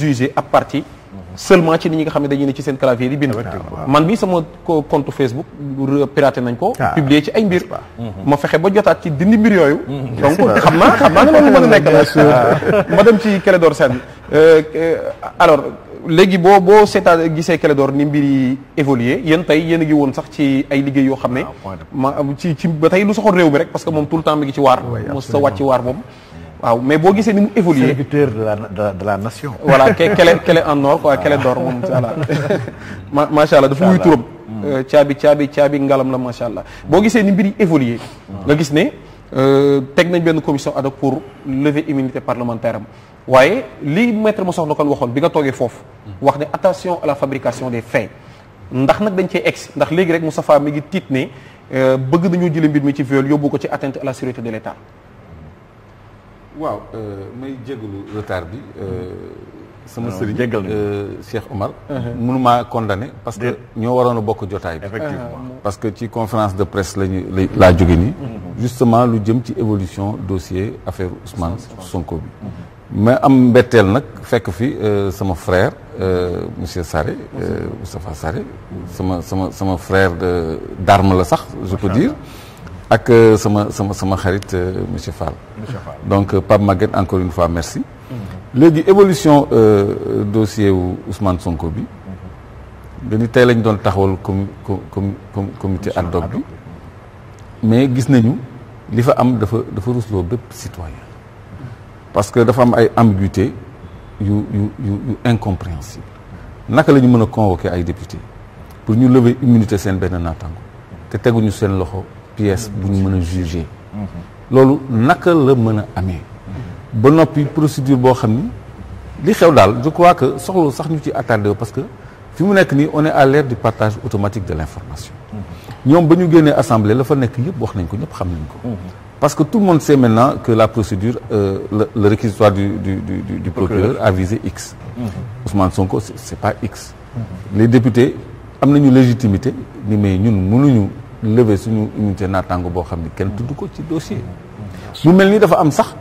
jugé à partir seulement ci nit ñi nga xam ne dañuy ne ci seen clavier di bind man bi sama compte Facebook piraté nañ ko ah, publier ci ay mbir mm-hmm. ma fexe ba jotaat ci dindi mbir yooyu mm-hmm. donc xam naa xam naa ne loolu mën a nekk ma dem ci Clédor Sène euh, euh, alors léegi boo boo seetaa gisee Clédor ni mbir yi évolué yéen tey yéen a woon sax ci ay liggéey yoo xam ne ah, ma ci ci ba tey lu soxal réew mi rek parce que moom tout temps mi ngi ci waar mos sa wàcc waaw mais boo gisee ni mu évolué serviteur de la de la de la nation. voilà kele kele en or quoi kele d'or ma macha allah dafa wuy turam. Mm. Euh, caabi caabi caabi ngalam la macha allah boo gisee ni mbir yi évolué. Mm. nga gis ne euh, teg nañ benn commission ad hoc pour lever immunité parlementaire am waaye li maître ma soxna kon waxoon bi nga toogee foofu. Mm. wax ne attention à la fabrication des faits. ndax nag dañ cee ex ndax léegi rek Moustapha mi ngi tiit ne euh, bëgg nañoo jëlee mbir mi ci viol yóbbu ko ci atteinte à la sécurité waaw euh, may jégalu retard bi. Euh, sama ah, sëriñ jégal nañu euh, Cheikh Omar. Uh-huh. mënumaa condamné parce que ñoo waroon a bokk jotaay bi. Uh-huh. parce que ci conférence de presse lañu laa jóge nii. Uh-huh. justement lu jëm ci évolution dossier affaire Ousmane Sonko bi. mais am mbetteel nag fekk fi sama frère monsieur Sarré Moustapha Sarré sama sama sama frère d'arme la sax je peux dire. ak euh, sama sama sama xarit euh, monsieur Fall. monsieur Fall donc euh, Pape Maguette encore une fois merci. Mm-hmm. léegi évolution dossier wu Ousmane Sonko bi. Mm-hmm. dañu tey lañ doon taxawal com com comité ad hoc bi. mais gis nañu li fa am dafa dafa rusloo bépp citoyen parce que dafa am ay ambiguïté yu yu yu incompréhensible naka lañu mën a convoquer ay député pour ñu lever immunité seen benn naataango te teguñu seen loxo. pièce bu ñu mën a mhm. loolu naka la mën a amee mhm. ba noppi procédure boo xam ni li xew daal je crois que soxla sax ñu ci attardé parce que fi mu nekk nii on est à l'ère du partage automatique de l'information mhm. ñoom ba ñu génnee assemblée la fa nekk yëpp wax nañ ko ñëpp xam nañ ko parce que tout le monde sait maintenant que la procédure euh, le, le réquisitoire du du du du, du procureur a visé X. Mm -hmm. Ousmane c'est pas X. Mm -hmm. les députés am nañu légitimité ni mais ñun mënuñu lever suñu immunité naataango boo xam ne kenn tudd ko ci dossier mu mel ni dafa am sax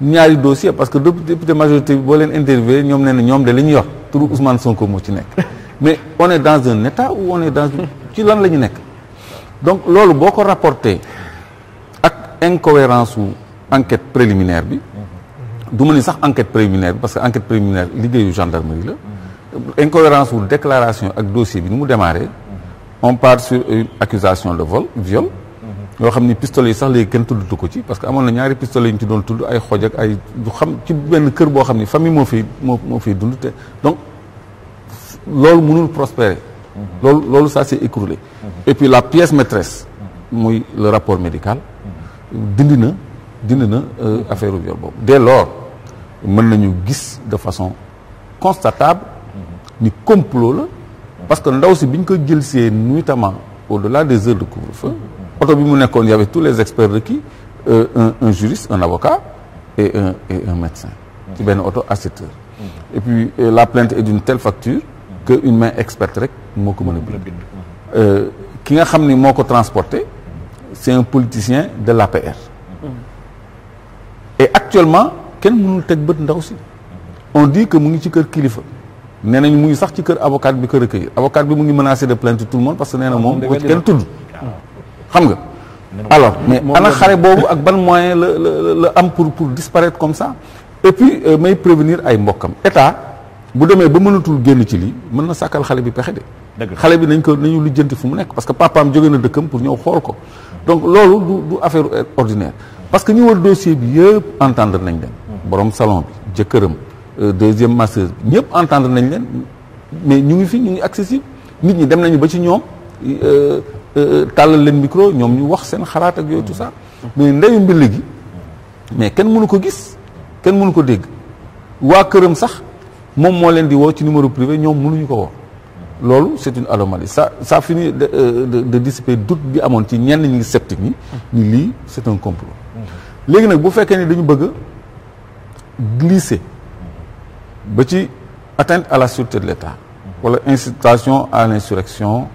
ñaari dossier parce que député majorité bi boo leen interviewé ñoom nee na ñoom de li ñu yor turu Ousmane Sonko moo ci nekk mais on est dans un état où on est dans ci lan la ñu nekk donc loolu boo ko rapporté ak incohérence wu enquête préliminaire bi du ma ni sax enquête préliminaire bi parce que enquête préliminaire liggéeyu gendarmerie la mm-hmm. incohérence wu déclaration ak dossier bi ni mu démarré on part sur une accusation de vol viol yoo xam ni pistolet yi sax léegi kenn tuddutu ko ci parce que amoon na ñaari pistolet yi ñu ci doon tudd ay xooj ak ay du xam ci benn kër boo xam ni famille moo fiy moo moo fiy dund te donc loolu mënul prospérer loolu loolu ça s'est et puis la pièce maîtresse muy le rapport médical dindi na dind na euh, affaire viol boobu dès lors mën nañu gis de façon constatable ni complot la parce que ndaw si bi ñu ko jël see nuitamment au delà des heures de couvre-feu oto bi mu nekkoon y avait tous les experts requis euh, un un un avocat et un un médecin. ci benn oto à sept et puis euh, la plainte et d'une telle facture. que une main experte rek moo ko mën a bind. Euh, ki nga xam ni moo ko transporté. c'est un politicien de l'APR. et actuellement kenn mënul teg bët ndaw si. on dit que mu ngi ci kër kilifa. nee nañ mu ngi sax ci kër avocat bi ko recueillir avocat bi mu ngi menacé de plainte tout le monde parce que nee na moom bu ah, ko kenn tudd xam nga alors mais ana xale boobu ak ban moyen la la la am pour pour disparaître comme ça et puis euh, may prévenir ay mbokkam état bu demee ba mënatul génn ci lii mën na sàkkal xale bi pexe de xale bi nañ ko nañu lijjanti fu mu nekk parce que papaam jóge na dëkkam pour ñëw xool ko donc loolu du affaire ordinaire parce que ñu war dossier bi yëpp entendre nañ dem hmm. borom salon bi jëkkëram Euh, deuxième master ñëpp entendre nañ leen mais ñu ngi fii ñu ngi accessible nit ñi dem nañu ba ci ñoom euh, euh, tàllal leen micro ñoom ñu wax seen xalaat ak yooyu tout ça mais ndeyu mbill gi mais kenn mënu ko gis kenn mënu ko dégg waa këram sax moom moo leen di woo ci numéro privé ñoom mënuñu ko woo loolu c'est une anomalie ça ça finit de de, de dissiper doute bi amoon ci ñenn ñi ngi ñi ni lii c'est un complot mmh. léegi nag bu fekkee ni dañu bëgg glisser ba ci atteinte à la sûreté de l'État wala incitation à l'insurrection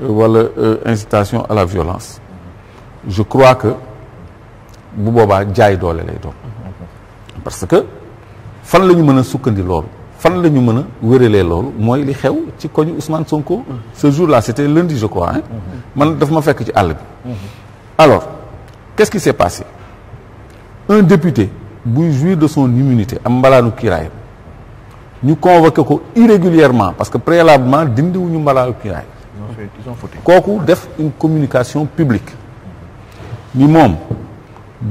wala euh, incitation à la violence je crois que bu boobaa jaay doole lay doon parce que fan la ñu mën a sukkandi loolu fan la ñu mën a wéralee loolu mooy li xew ci koñu Ousmane Sonko ce jour là c'était lundi je crois hein man daf ma fekk ci àll bi alors qu'est-ce qui s'est passé un député buy jouir de son immunité am mbalaanu kiiraayam ñu convoqué ko irrégulièrement parce que préalablement dindiwuñu mbalaayu piraay kooku def une communication publique ni moom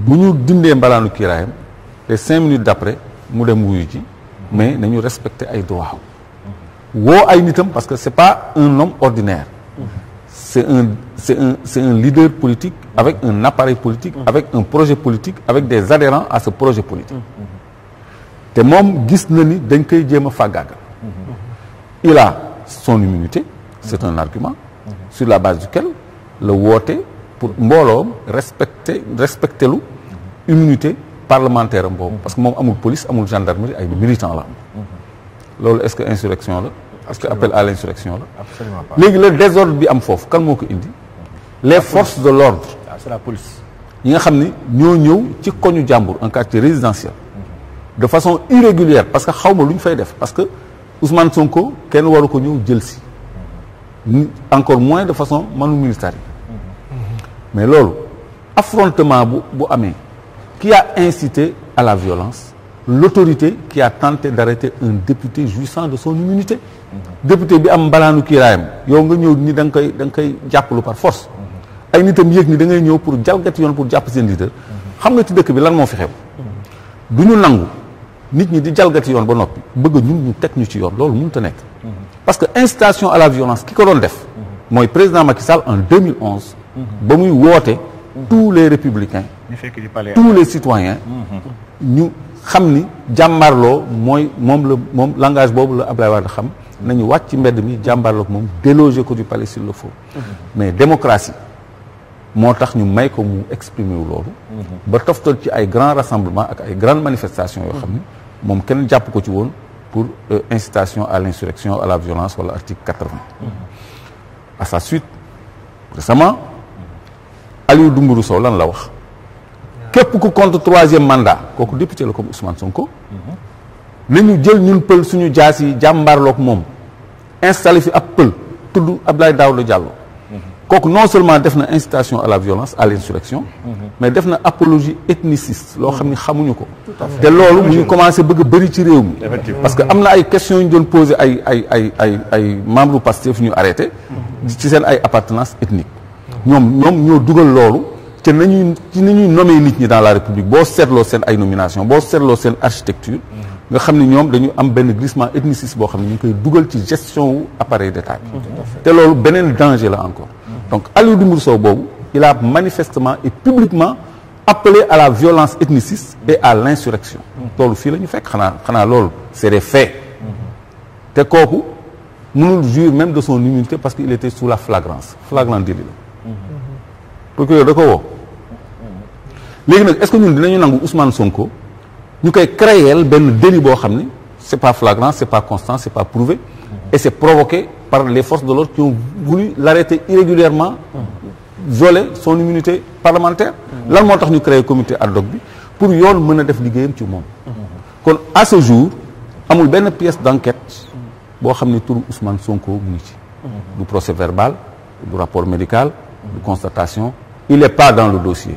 bu ñu dindee mbalaanu kiiraayam les cinq minutes d'après mu dem wuyu ji mais nañu respecter ay droit woo ay nitam parce que c'est pas un homme ordinaire c'est un c'est un c'est un leader politique avec un appareil politique avec un projet politique avec des adhérents à ce projet politique te moom gis na ni dañ koy jéem a fàggaagal il son immunité c'est un argument sur la base duquel la woote pour mbooloom respecter respecter lu immunité parlementaire am boobu parce que moom amul police amul gendarmerie ay militant la loolu est-ce que insurrection la est-ce que appel à l'insurrection la absolument pas léegi le désordre bi am foofu kan moo ko indi les forces de l'ordre ah, c'est la police yi nga xam ni ñoo ñëw ci koñu jàmbur un quartier résidentiel de façon irrégulière parce que xaw ma lu ñu fay def parce que son Sonko kenn waru ko ñëw jël si encore moins de façon manu militaire yi mais loolu affrontement bu bu amee qui a incité à la violence l'autorité qui a tenté d'arrêter un député jouissant de son immunité député bi am mbalaanu kiiraayam yow nga ñëw ni da koy da nga koy jàppalu par force ay nitam yéeg ni dangay ñëw pour jalgati yoon pour jàpp seen leader xam nga ci dëkk bi lan moo fi xew nit ñi di jalgati yoon ba noppi bëgg ñun ñu teg ñu ci yoon loolu mënut a nekk. parce que incitation à la violence ki ko doon def. mooy président Macky Sall en 2011. ba muy woote. tous les républicains. tous les citoyens. ñu xam ni jàmbarloo mooy moom la moom langage boobu la Ablaye Wade xam nañu wàcc ci mbedd mi jàmbarloo moom déloger ko du palais s'il le faut. mais démocratie moo tax ñu may ko mu exprimer wu loolu. ba toftal ci ay grands rassemblements ak ay grandes manifestations yoo xam ni. moom kenn jàpp ko ci woon pour euh, incitation à l'insurrection à la violence wala article quatre-vingt mm-hmm. à sa suite récemment Aliou Dembourou Sow lan la wax képp ku contre troisième mandat kooku député la comme ko Sonko mm-hmm. ñu jël ñun pël suñu jaas yi jàmbaarloog moom installé fi ab pël tudd Abdoulaye Daouda Diallo kooku non seulement def na incitation à la violence à l'insurrection mais def na apologie ethniciste loo xam ni xamuñu ko te loolu mu ñu commencé bëgg a bëri ci réew mi parce que am na ay questions yu ñu doon posé ay ay ay ay ay ñu arrêté ci seen ay appartenance ethnique ñoom ñoom ñoo dugal loolu te nañuy ci nañuy nommer nit ñi dans la république boo seetloo seen ay nomination boo seetloo seen architecture nga xam ni ñoom dañu am benn glissement ethniciste boo xam ne ñu ngi koy dugal ci gestion wu appareil d'État te loolu beneen danger la encore donc Aliou Dembourou Sow boobu il a manifestement et publiquement appelé à la violence ethniciste et à l'insurrection loolu fii la ñu fekk xanaa xanaa loolu c'est des faits te kooku mënul jouir même de son immunité parce que il était sous la flagrance flagrant délit la procureur da ko woo léegi nag est-ce que ñun dinañu nangu Ousmane Sonko ñu koy créer benn délit boo xam ne c'est pas flagrant c'est pas constant c'est pa prouvé et c'est provoqué par les forces de l'ordre qui ont voulu l'arrêter irrégulièrement violer son immunité parlementaire mmh. lan moo tax ñu créer comité ad hoc bi pour yoon mën a def liggéeyam ci moom kon à ce jour amul benn pièce d'enquête boo xam ne turu Ousmane Sonko mu ngi ci mmh. du procès verbal du rapport médical du constatation il est pas dans le dossier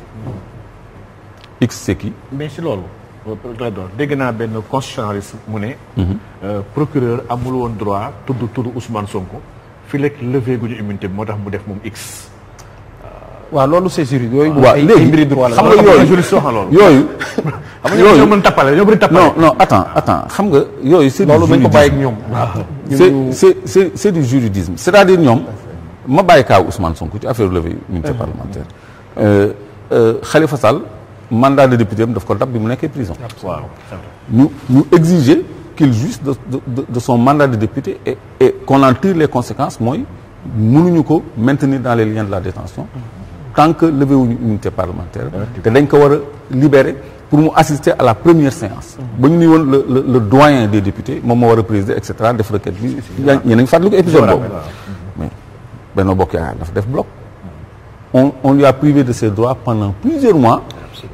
mmh. x c'est qui mais si loolu Clédor dégg naa benn constitutionnaliste mu ne. Mhm. Euh, procureur amul woon droit tudd tudd Ousmane Sonko fii léegi levé gu ñu immunité bi moo tax mu def moom x. Euh, waa loolu c'est juridique yooyu. waaw léegi mbiri droit la xam nga yooyu juriste wax na loolu. yooyu yooyu xam nga ñoo mën tappale ñoo xam nga yooyu. c'est du juridisme loolu nañ ak ñoom. Ah. waaw c'est c'est c'est du juridisme cest à ñoom ma bàyyi kaaw Ousmane Sonko ci affaire levée immunité parlementaire euh, Khalifa Sall. mandat de député am daf ko dab bi mu nekkee prison. waaw ñu ñu exiger de son mandat de député et et qu'on en tire les conséquences mooy mënuñu ko maintenir dans les liens de la détention mm-hmm. tant que levé wuñu immunité parlementaire. te dañ ko war a libérer pour mu assister à la première séance. Mm-hmm. ba ñu ni woon le le doyen des députés moom moo war a présider et cetera def requête bi. yaa ngi ñu fàttali ko épisode boobu. Mm-hmm. mais Benno Bokk Yaakaar dafa def bloc. on on lui privé de ses droits pendant plusieurs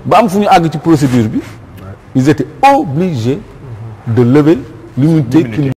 ba am fu ñu àgg ci procédure bi ils étaient obligés de lever l'immunité